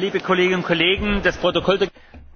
liebe kolleginnen und kollegen das protokoll.